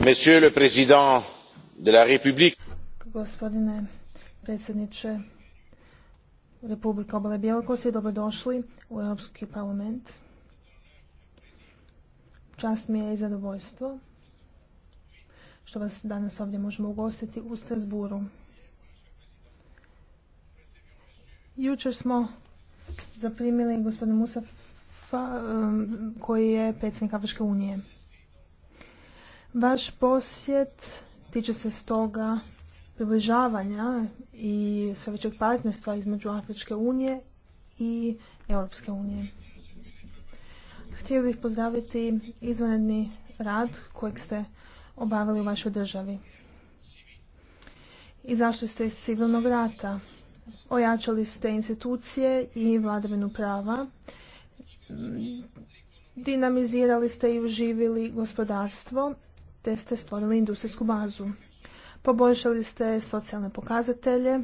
Monsieur le Président de la République. Gospodine predsjedniče Republika Obale Bjelokosije, dobrodošli u Europski parlament. Čast mi je i zadovoljstvo što vas danas ovdje možemo ugostiti u Strasburu. Jučer smo zaprimili gospodina Musa um, koji je predsjednik Afričke unije. Vaš posjet tiče se stoga približavanja i sve većeg partnerstva između Afričke unije i Europske unije. Htio bih pozdraviti izvanredni rad kojeg ste obavili u vašoj državi. Izašli ste iz civilnog rata ojačali ste institucije i vladavinu prava, dinamizirali ste i uživili gospodarstvo, te ste stvorili industrijsku bazu. Poboljšali ste socijalne pokazatelje.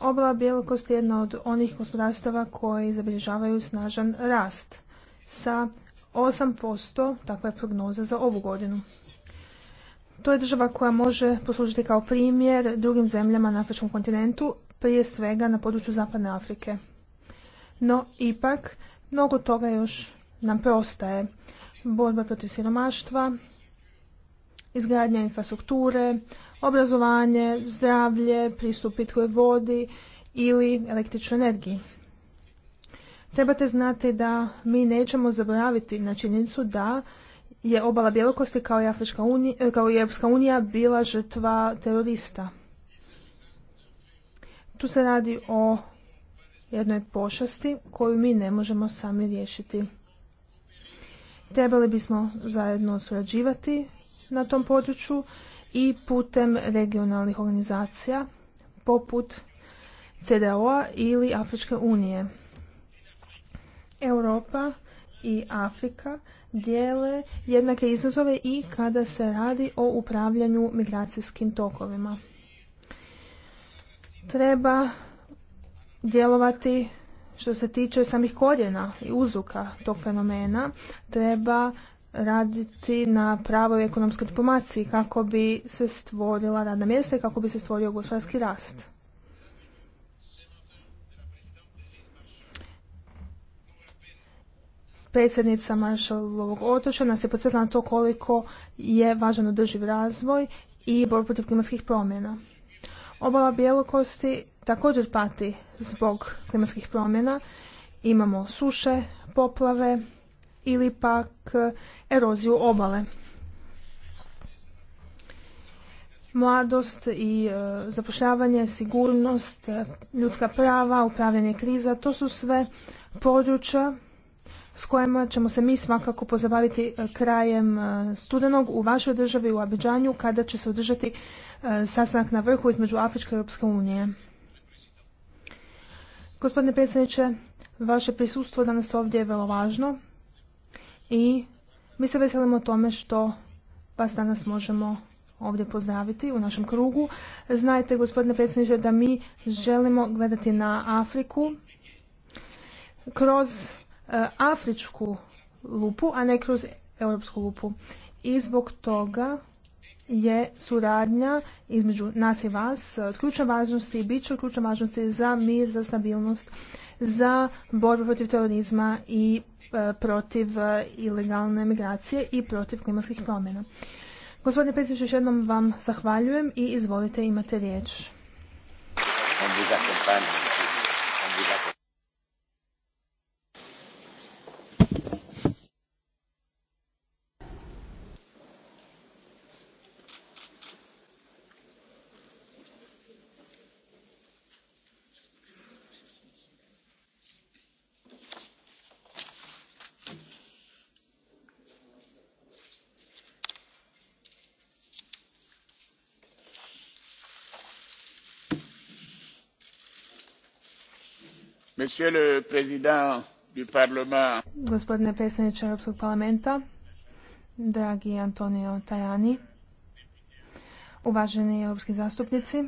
Obala Bjelokost je jedna od onih gospodarstava koji zabilježavaju snažan rast sa 8%, takva je prognoza za ovu godinu. To je država koja može poslužiti kao primjer drugim zemljama na afričkom kontinentu, prije svega na području Zapadne Afrike. No, ipak, mnogo toga još nam preostaje. Borba protiv siromaštva, izgradnja infrastrukture, obrazovanje, zdravlje, pristup pitkoj vodi ili električnoj energiji. Trebate znati da mi nećemo zaboraviti na činjenicu da je obala Bjelokosti kao i, Afrička unija, e, kao i Europska unija bila žrtva terorista. Tu se radi o jednoj pošasti koju mi ne možemo sami riješiti. Trebali bismo zajedno surađivati na tom području i putem regionalnih organizacija poput CDO-a ili Afričke unije. Europa i Afrika dijele jednake izazove i kada se radi o upravljanju migracijskim tokovima. Treba djelovati što se tiče samih korijena i uzuka tog fenomena, treba raditi na pravoj ekonomskoj diplomaciji kako bi se stvorila radna mjesta i kako bi se stvorio gospodarski rast. predsjednica Maršalovog otoča nas je podsjetila na to koliko je važan održiv razvoj i borba protiv klimatskih promjena. Obala Bjelokosti također pati zbog klimatskih promjena. Imamo suše, poplave ili pak eroziju obale. Mladost i e, zapošljavanje, sigurnost, e, ljudska prava, upravljanje kriza, to su sve područja s kojima ćemo se mi svakako pozabaviti e, krajem e, studenog u vašoj državi u Abidžanju kada će se održati e, sastanak na vrhu između Afričke i Europske unije. Gospodine predsjedniče, vaše prisustvo danas ovdje je vrlo važno i mi se veselimo o tome što vas danas možemo ovdje pozdraviti u našem krugu. Znajte, gospodine predsjedniče, da mi želimo gledati na Afriku kroz afričku lupu, a ne kroz europsku lupu. I zbog toga je suradnja između nas i vas e, od ključne važnosti i bit će od ključne važnosti za mir, za stabilnost, za borbu protiv terorizma i e, protiv e, ilegalne migracije i protiv klimatskih promjena. Gospodine predsjedniče, još jednom vam zahvaljujem i izvolite imate riječ. Gospodine predsjedniče Europskog parlamenta, dragi Antonio Tajani, uvaženi europski zastupnici,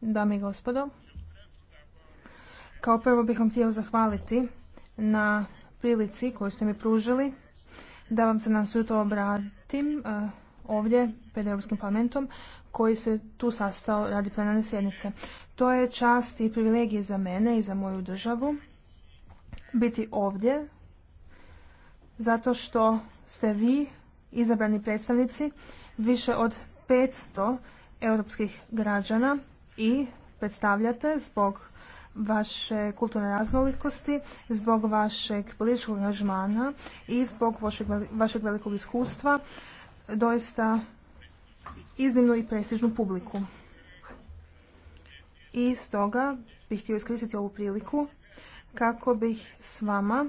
dame i gospodo. Kao prvo bih vam htio zahvaliti na prilici koju ste mi pružili da vam se nas ujutro obratim eh, ovdje pred Europskim parlamentom koji se tu sastao radi plenarne sjednice. To je čast i privilegije za mene i za moju državu biti ovdje zato što ste vi izabrani predstavnici više od 500 europskih građana i predstavljate zbog vaše kulturne raznolikosti, zbog vašeg političkog angažmana i zbog vašeg, vašeg velikog iskustva doista iznimnu i prestižnu publiku. I stoga bih htio iskoristiti ovu priliku kako bih s vama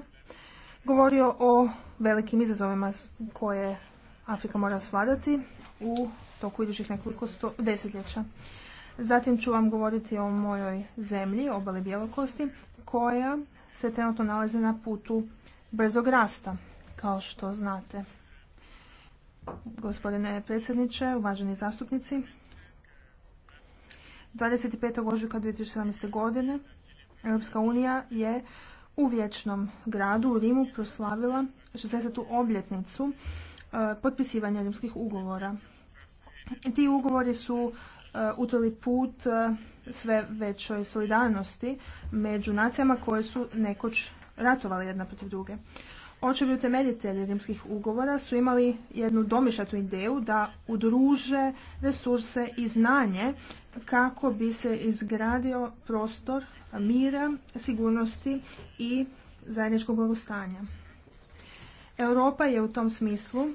govorio o velikim izazovima koje Afrika mora svladati u toku idućih nekoliko desetljeća. Zatim ću vam govoriti o mojoj zemlji, obali Bjelokosti, koja se trenutno nalazi na putu brzog rasta, kao što znate. Gospodine predsjedniče, uvaženi zastupnici. 25. ožujka 2017. godine Europska unija je u vječnom gradu u Rimu proslavila 60. obljetnicu e, potpisivanja rimskih ugovora. Ti ugovori su e, utvili put e, sve većoj solidarnosti među nacijama koje su nekoć ratovali jedna protiv druge. Očevi utemeljitelji rimskih ugovora su imali jednu domišljatu ideju da udruže resurse i znanje kako bi se izgradio prostor mira, sigurnosti i zajedničkog blagostanja. Europa je u tom smislu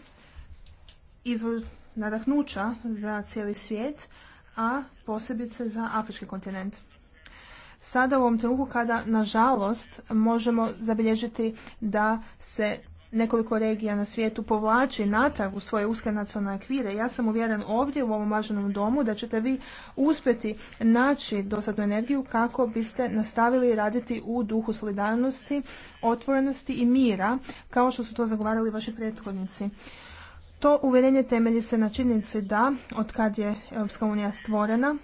izvor nadahnuća za cijeli svijet, a posebice za afrički kontinent sada u ovom trenutku kada nažalost možemo zabilježiti da se nekoliko regija na svijetu povlači natrag u svoje uske nacionalne akvire. Ja sam uvjeren ovdje u ovom važnom domu da ćete vi uspjeti naći dosadnu energiju kako biste nastavili raditi u duhu solidarnosti, otvorenosti i mira, kao što su to zagovarali vaši prethodnici. To uvjerenje temelji se na činjenici da, od kad je Europska unija stvorena,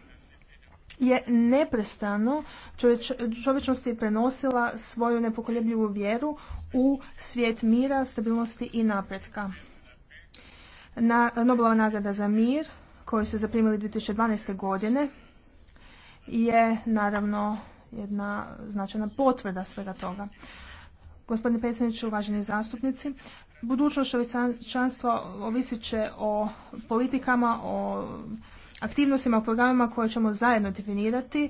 je neprestano čovječnosti prenosila svoju nepokoljebljivu vjeru u svijet mira, stabilnosti i napretka. Na, Nobelova nagrada za mir, koju se zaprimili 2012. godine, je naravno jedna značajna potvrda svega toga. Gospodine predsjedniče, uvaženi zastupnici, budućnost čovječanstva ovisit će o politikama, o aktivnostima, programima koje ćemo zajedno definirati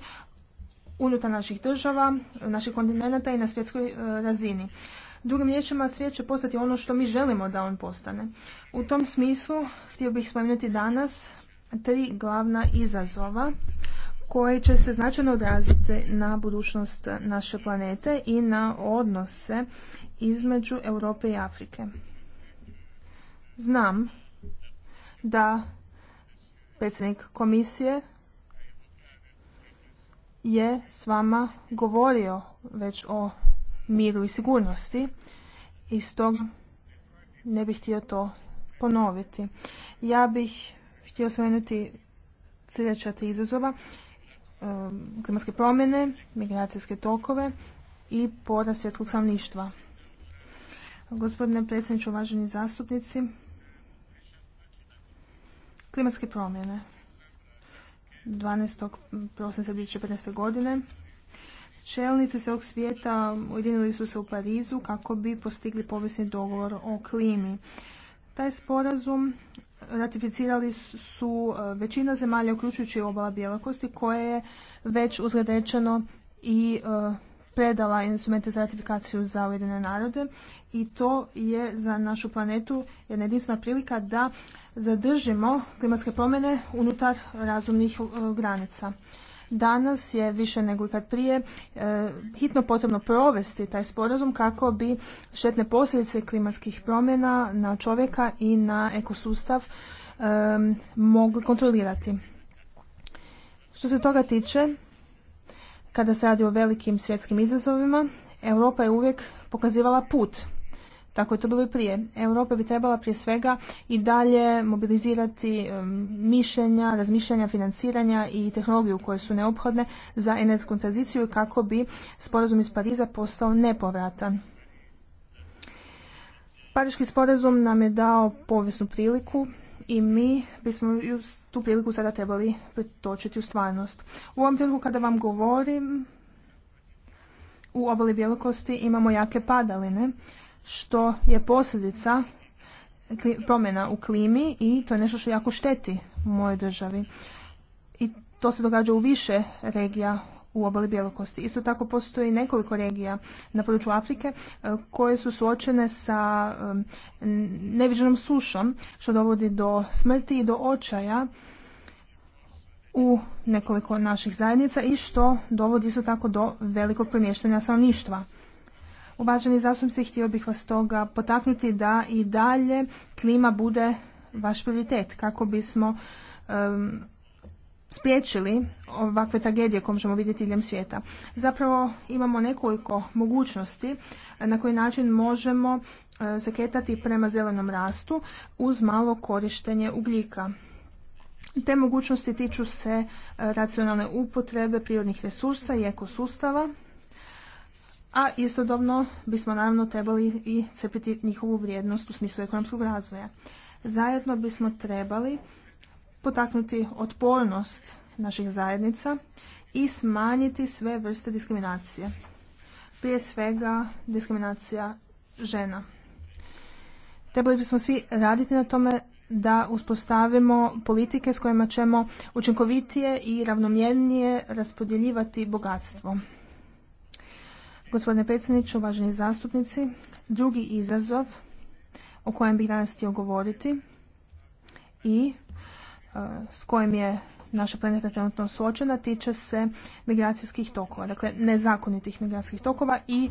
unutar naših država, naših kontinenta i na svjetskoj e, razini. Drugim riječima, svijet će postati ono što mi želimo da on postane. U tom smislu htio bih spomenuti danas tri glavna izazova koje će se značajno odraziti na budućnost naše planete i na odnose između Europe i Afrike. Znam da predsjednik komisije je s vama govorio već o miru i sigurnosti i stog ne bih htio to ponoviti. Ja bih htio spomenuti sljedeća tri izazova, klimatske promjene, migracijske tokove i porast svjetskog stanovništva. Gospodine predsjedniče, uvaženi zastupnici, Klimatske promjene. 12. prosinca 2015. godine čelnici celog svijeta ujedinili su se u Parizu kako bi postigli povijesni dogovor o klimi. Taj sporazum ratificirali su e, većina zemalja, uključujući obala Bjelakosti, koje je već uzgledečeno i e, predala instrumente za ratifikaciju za Ujedine narode i to je za našu planetu jedna jedinstvena prilika da zadržimo klimatske promjene unutar razumnih e, granica. Danas je više nego ikad prije e, hitno potrebno provesti taj sporazum kako bi štetne posljedice klimatskih promjena na čovjeka i na ekosustav e, mogli kontrolirati. Što se toga tiče, kada se radi o velikim svjetskim izazovima, Europa je uvijek pokazivala put. Tako je to bilo i prije. Europa bi trebala prije svega i dalje mobilizirati mišljenja, razmišljanja, financiranja i tehnologiju koje su neophodne za energetsku tranziciju kako bi sporazum iz Pariza postao nepovratan. Pariški sporazum nam je dao povijesnu priliku i mi bismo tu priliku sada trebali pretočiti u stvarnost. U ovom trenutku kada vam govorim, u obali bjelokosti imamo jake padaline, što je posljedica promjena u klimi i to je nešto što jako šteti u mojoj državi. I to se događa u više regija u obali Bjelokosti. Isto tako postoji nekoliko regija na području Afrike e, koje su suočene sa neviđenom sušom što dovodi do smrti i do očaja u nekoliko naših zajednica i što dovodi isto tako do velikog premještanja stanovništva. Uvaženi zastupnici, htio bih vas toga potaknuti da i dalje klima bude vaš prioritet kako bismo spriječili ovakve tragedije koje možemo vidjeti diljem svijeta. Zapravo imamo nekoliko mogućnosti na koji način možemo e, zaketati prema zelenom rastu uz malo korištenje ugljika. Te mogućnosti tiču se e, racionalne upotrebe prirodnih resursa i ekosustava, a istodobno bismo naravno trebali i crpiti njihovu vrijednost u smislu ekonomskog razvoja. Zajedno bismo trebali potaknuti otpornost naših zajednica i smanjiti sve vrste diskriminacije. Prije svega diskriminacija žena. Trebali bismo svi raditi na tome da uspostavimo politike s kojima ćemo učinkovitije i ravnomjernije raspodjeljivati bogatstvo. Gospodine predsjedniče, uvaženi zastupnici, drugi izazov o kojem bih danas htio govoriti i s kojim je naša planeta trenutno suočena tiče se migracijskih tokova, dakle nezakonitih migracijskih tokova i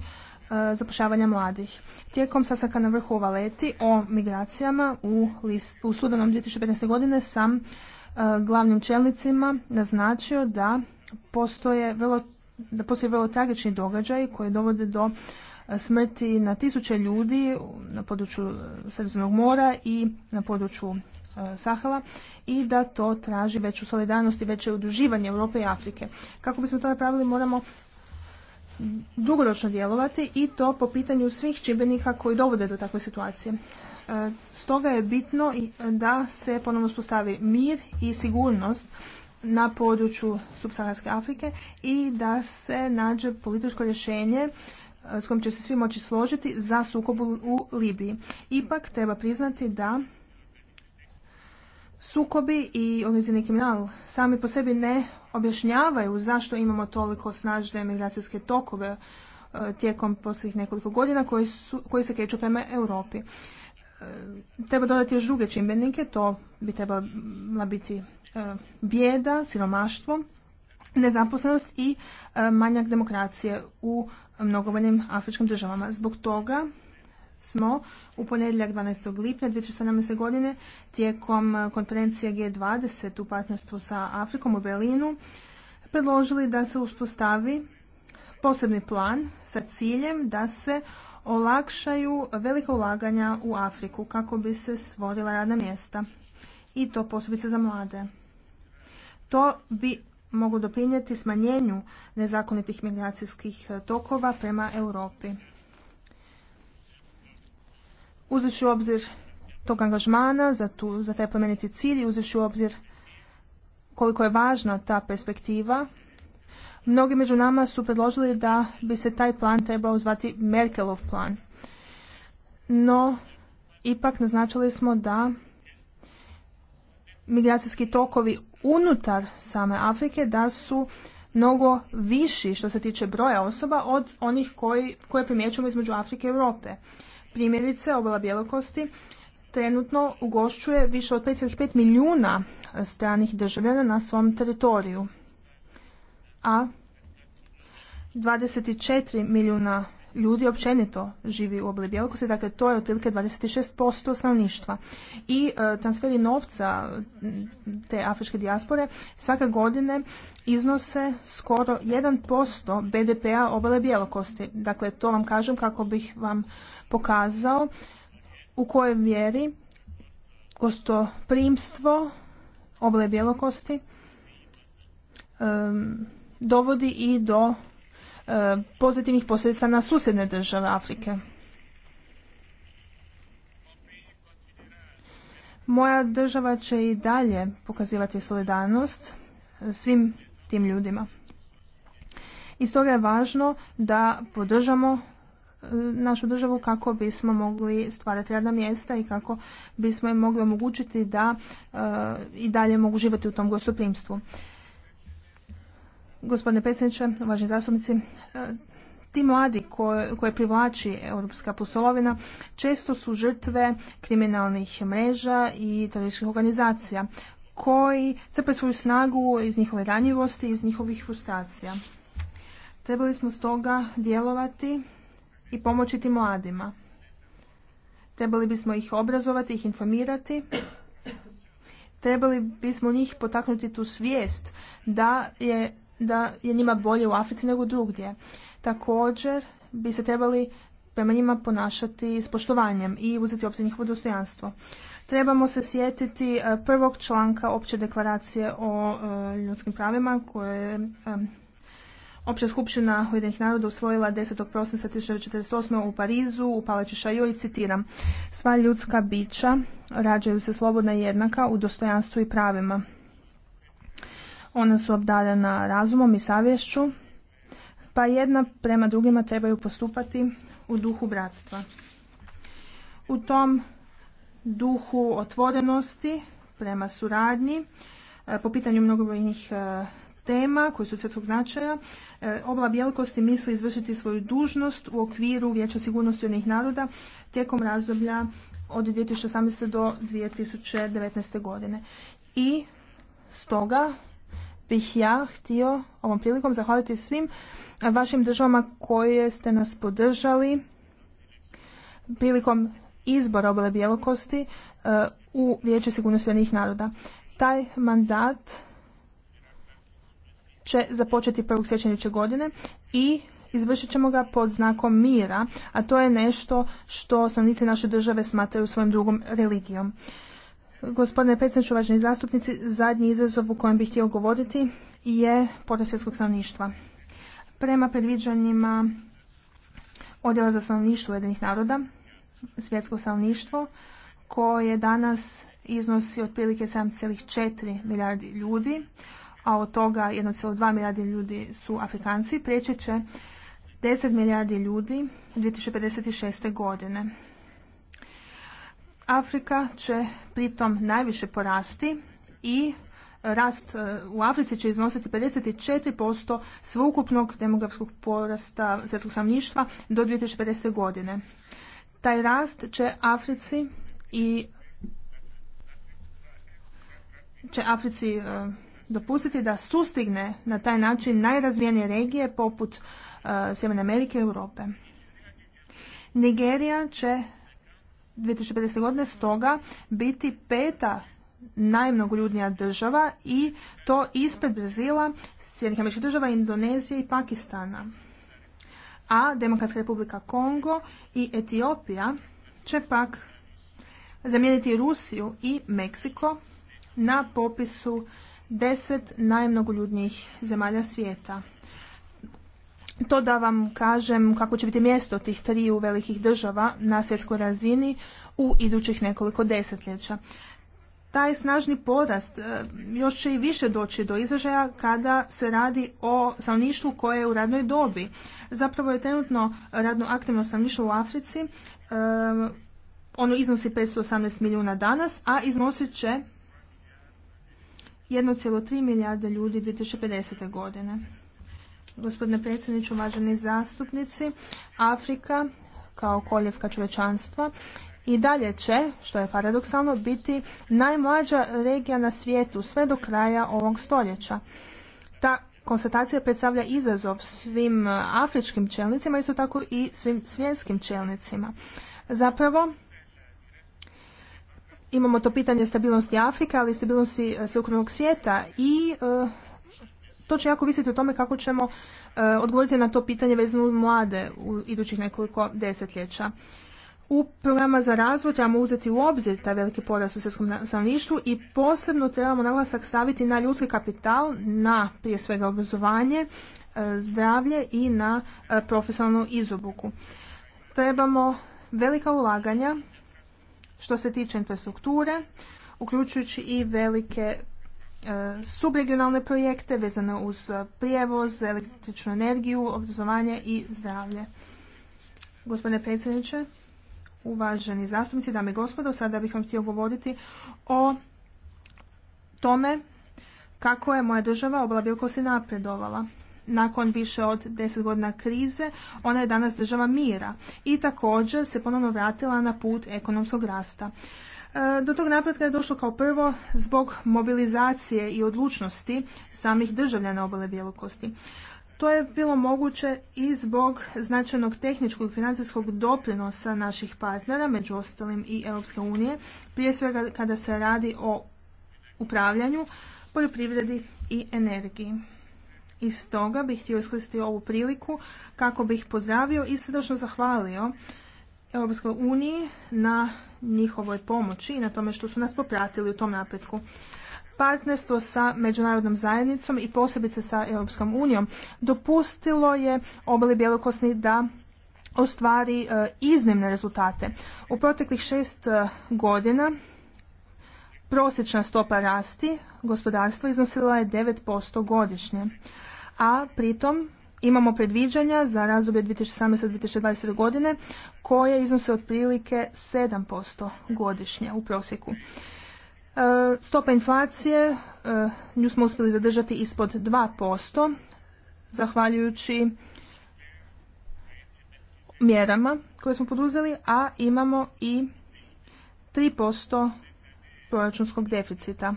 e, zapošljavanja mladih. Tijekom sasaka na vrhu leti o migracijama u, list, u studenom 2015. godine sam e, glavnim čelnicima naznačio da postoje vrlo da postoje vrlo tragični događaji koji dovode do e, smrti na tisuće ljudi na području Sredozemnog mora i na području E, Sahela i da to traži veću solidarnost i veće udruživanje Europe i Afrike. Kako bismo to napravili moramo dugoročno djelovati i to po pitanju svih čimbenika koji dovode do takve situacije. E, stoga je bitno da se ponovno uspostavi mir i sigurnost na području subsaharske Afrike i da se nađe političko rješenje e, s kojim će se svi moći složiti za sukob u Libiji. Ipak treba priznati da Sukobi i organizirani kriminal sami po sebi ne objašnjavaju zašto imamo toliko snažne migracijske tokove e, tijekom posljednjih nekoliko godina koji, su, koji se kreću prema Europi. E, treba dodati još druge čimbenike, to bi trebala biti e, bijeda, siromaštvo, nezaposlenost i manjak demokracije u mnogobrojnim afričkim državama. Zbog toga smo u ponedjeljak 12. lipnja 2017. godine tijekom eh, konferencije G20 u partnerstvu sa Afrikom u Berlinu predložili da se uspostavi posebni plan sa ciljem da se olakšaju velika ulaganja u Afriku kako bi se stvorila radna mjesta i to posebice za mlade. To bi moglo doprinijeti smanjenju nezakonitih migracijskih eh, tokova prema Europi uzevši u obzir tog angažmana za, tu, za taj plemeniti cilj i uzevši u obzir koliko je važna ta perspektiva, mnogi među nama su predložili da bi se taj plan trebao zvati Merkelov plan. No, ipak naznačili smo da migracijski tokovi unutar same Afrike da su mnogo viši što se tiče broja osoba od onih koji, koje primjećujemo između Afrike i Europe. Primjerice, obala bjelokosti trenutno ugošćuje više od 5,5 milijuna stranih državljana na svom teritoriju, a 24 milijuna ljudi općenito živi u obli Bjelokosti, dakle to je otprilike 26% stanovništva. I e, transferi novca te afričke dijaspore svake godine iznose skoro 1% BDP-a obale Bjelokosti. Dakle, to vam kažem kako bih vam pokazao u kojoj mjeri gostoprimstvo obale Bjelokosti dovodi i do Eh, pozitivnih posljedica na susjedne države Afrike. Moja država će i dalje pokazivati solidarnost svim tim ljudima. I stoga je važno da podržamo eh, našu državu kako bismo mogli stvarati radna mjesta i kako bismo im mogli omogućiti da eh, i dalje mogu živjeti u tom gostoprimstvu. Gospodine predsjedniče, uvaženi zastupnici, e, ti mladi koje, privlači europska pustolovina često su žrtve kriminalnih mreža i terorističkih organizacija koji crpe svoju snagu iz njihove ranjivosti, iz njihovih frustracija. Trebali smo stoga djelovati i pomoći tim mladima. Trebali bismo ih obrazovati, ih informirati. Trebali bismo njih potaknuti tu svijest da je da je njima bolje u Africi nego drugdje. Također bi se trebali prema njima ponašati s poštovanjem i uzeti obzir njihovo dostojanstvo. Trebamo se sjetiti e, prvog članka opće deklaracije o e, ljudskim pravima koje je Opća skupština Ujedinih naroda usvojila 10. prosinca 1948. u Parizu, u Palači Šaju i citiram Sva ljudska bića rađaju se slobodna i jednaka u dostojanstvu i pravima. Ona su obdarena razumom i savješću, pa jedna prema drugima trebaju postupati u duhu bratstva. U tom duhu otvorenosti prema suradnji e, po pitanju mnogobrojnih e, tema koji su svjetskog značaja, e, obla bjelkosti misli izvršiti svoju dužnost u okviru Vijeća sigurnosti jednih naroda tijekom razdoblja od 2018. do 2019. godine. I stoga bih ja htio ovom prilikom zahvaliti svim vašim državama koje ste nas podržali prilikom izbora obale bjelokosti e, u Vijeću sigurnosti jednih naroda. Taj mandat će započeti 1. sjećanja godine i izvršit ćemo ga pod znakom mira, a to je nešto što osnovnice naše države smatraju svojom drugom religijom. Gospodine predsjedniče, uvaženi zastupnici, zadnji izazov u kojem bih htio govoriti je porast svjetskog stanovništva. Prema predviđanjima Odjela za stanovništvo Ujedinih naroda, svjetsko stanovništvo, koje danas iznosi otprilike 7,4 milijardi ljudi, a od toga 1,2 milijardi ljudi su Afrikanci, prijeći će 10 milijardi ljudi 2056. godine. Afrika će pritom najviše porasti i rast e, u Africi će iznositi 54% sveukupnog demografskog porasta svjetskog stanovništva do 2050. godine. Taj rast će Africi i će Africi e, dopustiti da sustigne na taj način najrazvijenije regije poput e, Sjeverne Amerike i Europe. Nigerija će 2050. godine stoga biti peta najmnogoljudnija država i to ispred Brazila, Sjednih američkih država, Indonezije i Pakistana. A Demokratska republika Kongo i Etiopija će pak zamijeniti Rusiju i Meksiko na popisu deset najmnogoljudnijih zemalja svijeta to da vam kažem kako će biti mjesto tih triju velikih država na svjetskoj razini u idućih nekoliko desetljeća. Taj snažni porast e, još će i više doći do izražaja kada se radi o stanovništvu koje je u radnoj dobi. Zapravo je trenutno radno aktivno stanovništvo u Africi, e, ono iznosi 518 milijuna danas, a iznosit će 1,3 milijarde ljudi 2050. godine. Gospodine predsjedniče, uvaženi zastupnici, Afrika kao koljevka čovečanstva i dalje će, što je paradoksalno, biti najmlađa regija na svijetu sve do kraja ovog stoljeća. Ta konstatacija predstavlja izazov svim afričkim čelnicima, isto tako i svim svjetskim čelnicima. Zapravo, imamo to pitanje stabilnosti Afrike, ali i stabilnosti eh, sveukupnog svijeta i eh, to će jako visiti o tome kako ćemo e, odgovoriti na to pitanje vezano mlade u idućih nekoliko desetljeća. U programa za razvoj trebamo uzeti u obzir taj veliki porast u svjetskom stanovništvu i posebno trebamo naglasak staviti na ljudski kapital, na prije svega obrazovanje, e, zdravlje i na e, profesionalnu izobuku. Trebamo velika ulaganja što se tiče infrastrukture, uključujući i velike E, subregionalne projekte vezane uz prijevoz, električnu energiju, obrazovanje i zdravlje. Gospodine predsjedniče, uvaženi zastupnici, dame i gospodo, sada bih vam htio govoriti o tome kako je moja država bilko se napredovala. Nakon više od deset godina krize, ona je danas država mira i također se ponovno vratila na put ekonomskog rasta. Do tog napretka je došlo kao prvo zbog mobilizacije i odlučnosti samih državljana obale Bjelokosti. To je bilo moguće i zbog značajnog tehničkog i financijskog doprinosa naših partnera, među ostalim i Europske unije, prije svega kada se radi o upravljanju, poljoprivredi i energiji. I stoga bih htio iskoristiti ovu priliku kako bih pozdravio i srdačno zahvalio Europskoj uniji na njihovoj pomoći i na tome što su nas popratili u tom napretku. Partnerstvo sa međunarodnom zajednicom i posebice sa Europskom unijom dopustilo je obali Bjelokosni da ostvari e, iznimne rezultate. U proteklih šest e, godina prosječna stopa rasti gospodarstva iznosila je 9% godišnje, a pritom imamo predviđanja za razdoblje tisuće 2020 godine koje iznose otprilike 7% godišnje u prosjeku. E, stopa inflacije, e, nju smo uspjeli zadržati ispod 2%, zahvaljujući mjerama koje smo poduzeli, a imamo i 3% proračunskog deficita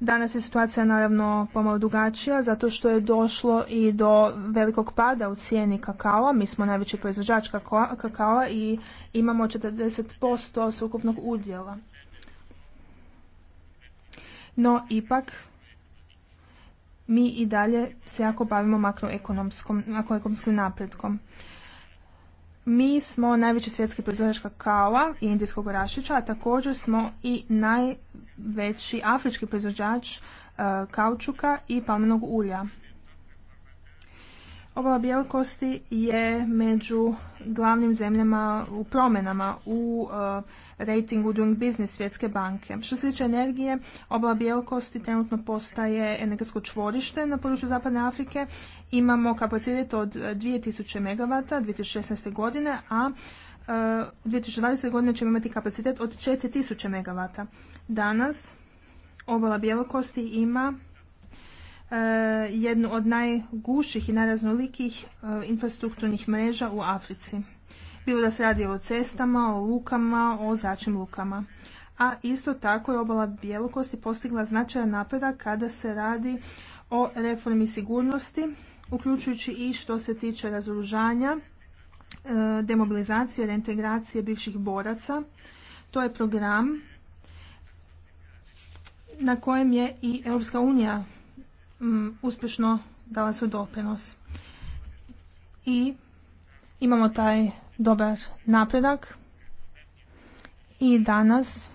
Danas je situacija naravno pomalo drugačija zato što je došlo i do velikog pada u cijeni kakao. Mi smo najveći proizvođač kakao i imamo 40% sukupnog udjela. No ipak mi i dalje se jako bavimo makroekonomskim napretkom. Mi smo najveći svjetski proizvođač kakao i indijskog orašića, a također smo i najveći afrički proizvođač e, kaučuka i palmenog ulja. Obala Bjelkosti je među glavnim zemljama u promjenama u e, rejtingu ratingu Doing Business Svjetske banke. Što se tiče energije, obala Bjelkosti trenutno postaje energetsko čvorište na području Zapadne Afrike. Imamo kapacitet od 2000 MW 2016. godine, a e, uh, 2020. godine ćemo imati kapacitet od 4000 MW. Danas obala Bjelkosti ima Eh, jednu od najguših i najraznolikih eh, infrastrukturnih mreža u Africi. Bilo da se radi o cestama, o lukama, o zračnim lukama. A isto tako je obala Bjelokosti postigla značajan napredak kada se radi o reformi sigurnosti, uključujući i što se tiče razoružanja, eh, demobilizacije, reintegracije bivših boraca. To je program na kojem je i Europska unija Mm, uspješno dala svoj doprinos. I imamo taj dobar napredak i danas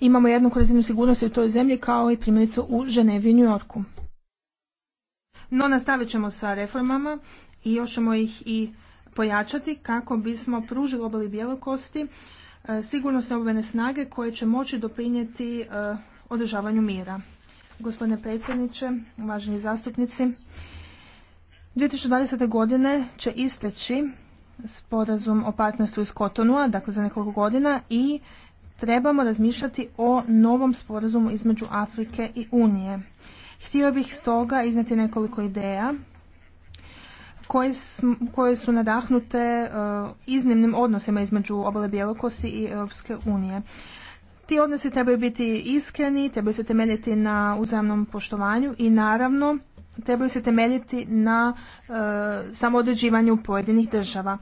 imamo jednu razinu sigurnosti u toj zemlji kao i primjerice u Ženevi i New Yorku. No nastavit ćemo sa reformama i još ćemo ih i pojačati kako bismo pružili obali bjelokosti e, sigurnosne obvene snage koje će moći doprinijeti e, održavanju mira. Gospodine predsjedniče, uvaženi zastupnici, 2020. godine će isteći sporazum o partnerstvu iz Kotonua, dakle za nekoliko godina i trebamo razmišljati o novom sporazumu između Afrike i Unije. Htio bih stoga izneti nekoliko ideja koje su nadahnute e, iznimnim odnosima između obale Bjelokosti i Europske unije. Ti odnosi trebaju biti iskreni, trebaju se temeljiti na uzajamnom poštovanju i naravno trebaju se temeljiti na e, samoodređivanju pojedinih država.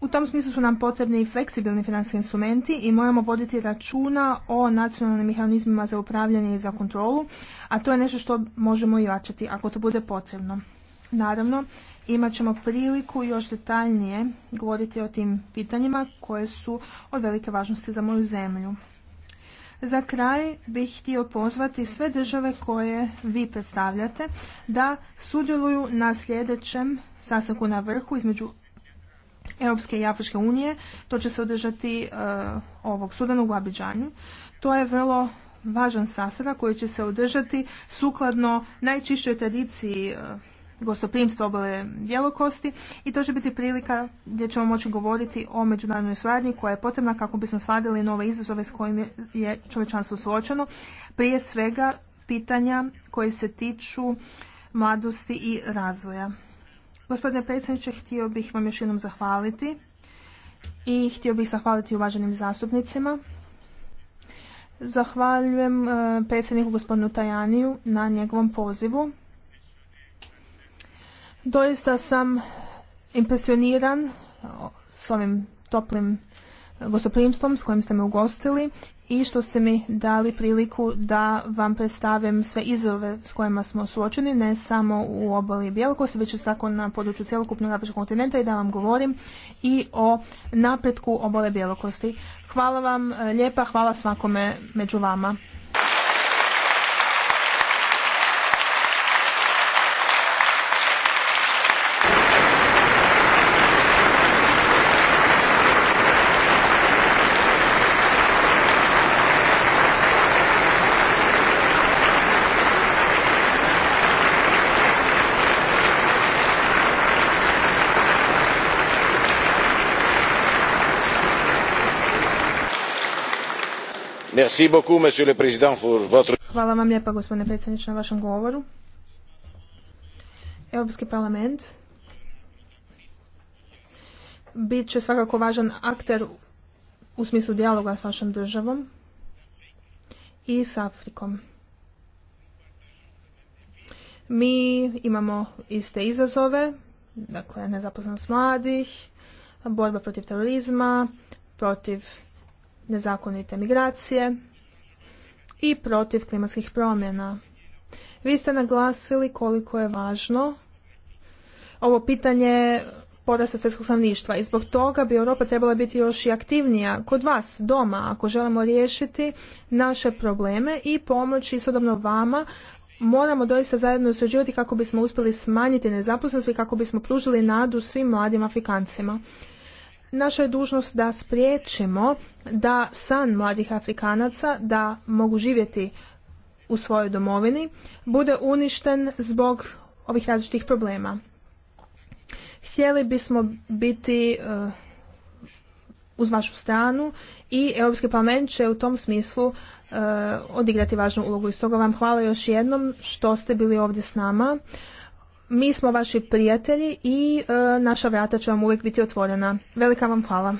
U tom smislu su nam potrebni i fleksibilni financijski instrumenti i moramo voditi računa o nacionalnim mehanizmima za upravljanje i za kontrolu, a to je nešto što možemo i ako to bude potrebno. Naravno, imat ćemo priliku još detaljnije govoriti o tim pitanjima koje su od velike važnosti za moju zemlju. Za kraj bih htio pozvati sve države koje vi predstavljate da sudjeluju na sljedećem sastanku na vrhu između Europske i Afričke unije. To će se održati e, ovog sudanog u Abidžanju. To je vrlo važan sastanak koji će se održati sukladno najčišćoj tradiciji e, gostoprimstvo obale Bjelokosti i to će biti prilika gdje ćemo moći govoriti o međunarodnoj suradnji koja je potrebna kako bismo sladili nove izazove s kojim je čovječanstvo suočeno. Prije svega pitanja koje se tiču mladosti i razvoja. Gospodine predsjedniče, htio bih vam još jednom zahvaliti i htio bih zahvaliti uvaženim zastupnicima. Zahvaljujem eh, predsjedniku gospodinu Tajaniju na njegovom pozivu Doista sam impresioniran s ovim toplim gostoprimstvom s kojim ste me ugostili i što ste mi dali priliku da vam predstavim sve izove s kojima smo suočeni, ne samo u obali Bjelokosti, već i tako na području cjelokupnog afričkog kontinenta i da vam govorim i o napretku obale Bjelokosti. Hvala vam e, lijepa, hvala svakome među vama. Hvala vam lijepa, gospodine predsjedniče, na vašem govoru. Europski parlament bit će svakako važan akter u smislu dijaloga s vašom državom i s Afrikom. Mi imamo iste izazove, dakle nezaposlenost mladih, borba protiv terorizma, protiv nezakonite migracije i protiv klimatskih promjena. Vi ste naglasili koliko je važno ovo pitanje porasta svjetskog stanovništva i zbog toga bi Europa trebala biti još i aktivnija kod vas doma ako želimo riješiti naše probleme i pomoći istodobno vama moramo doista zajedno sređivati kako bismo uspjeli smanjiti nezaposlenost i kako bismo pružili nadu svim mladim Afrikancima. Naša je dužnost da spriječimo da san mladih Afrikanaca da mogu živjeti u svojoj domovini bude uništen zbog ovih različitih problema. Htjeli bismo biti eh, uz vašu stranu i Europski parlament će u tom smislu eh, odigrati važnu ulogu. I stoga vam hvala još jednom što ste bili ovdje s nama mi smo vaši prijatelji i e, naša vrata će vam uvijek biti otvorena. Velika vam hvala.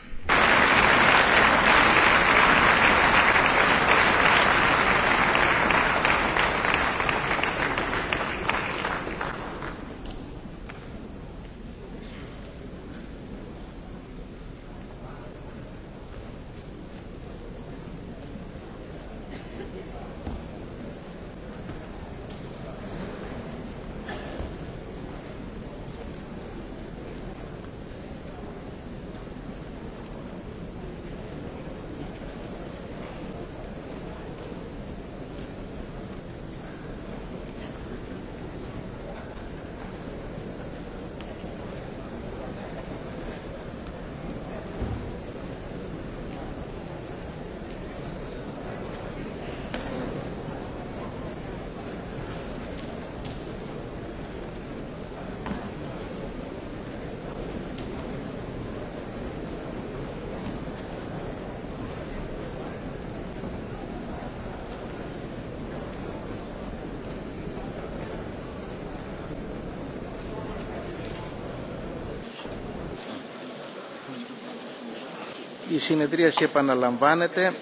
je συνεδρίαση επαναλαμβάνεται.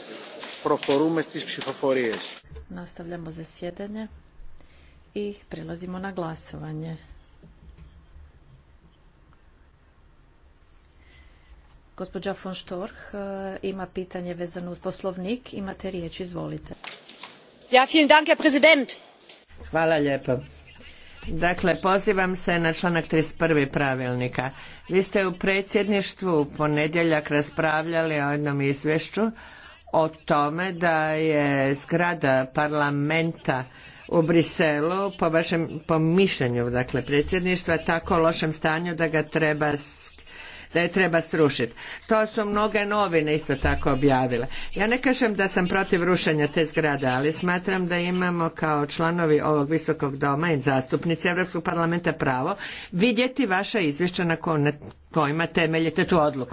Προχωρούμε στις ψηφοφορίες. Nastavljamo sjedanje i prelazimo na glasovanje. Gospođa von Storch eh, ima pitanje vezano uz poslovnik. Imate riječ, izvolite. Ja, vielen Hvala lijepa. Dakle, pozivam se na članak 31. pravilnika. Vi ste u predsjedništvu ponedjeljak raspravljali o jednom izvješću o tome da je zgrada parlamenta u Briselu po vašem po mišljenju dakle predsjedništva tako lošem stanju da ga treba da je treba srušiti. To su mnoge novine isto tako objavile. Ja ne kažem da sam protiv rušenja te zgrade, ali smatram da imamo kao članovi ovog visokog doma i zastupnici Europskog parlamenta pravo vidjeti vaša izvješća na kojima temeljite tu odluku.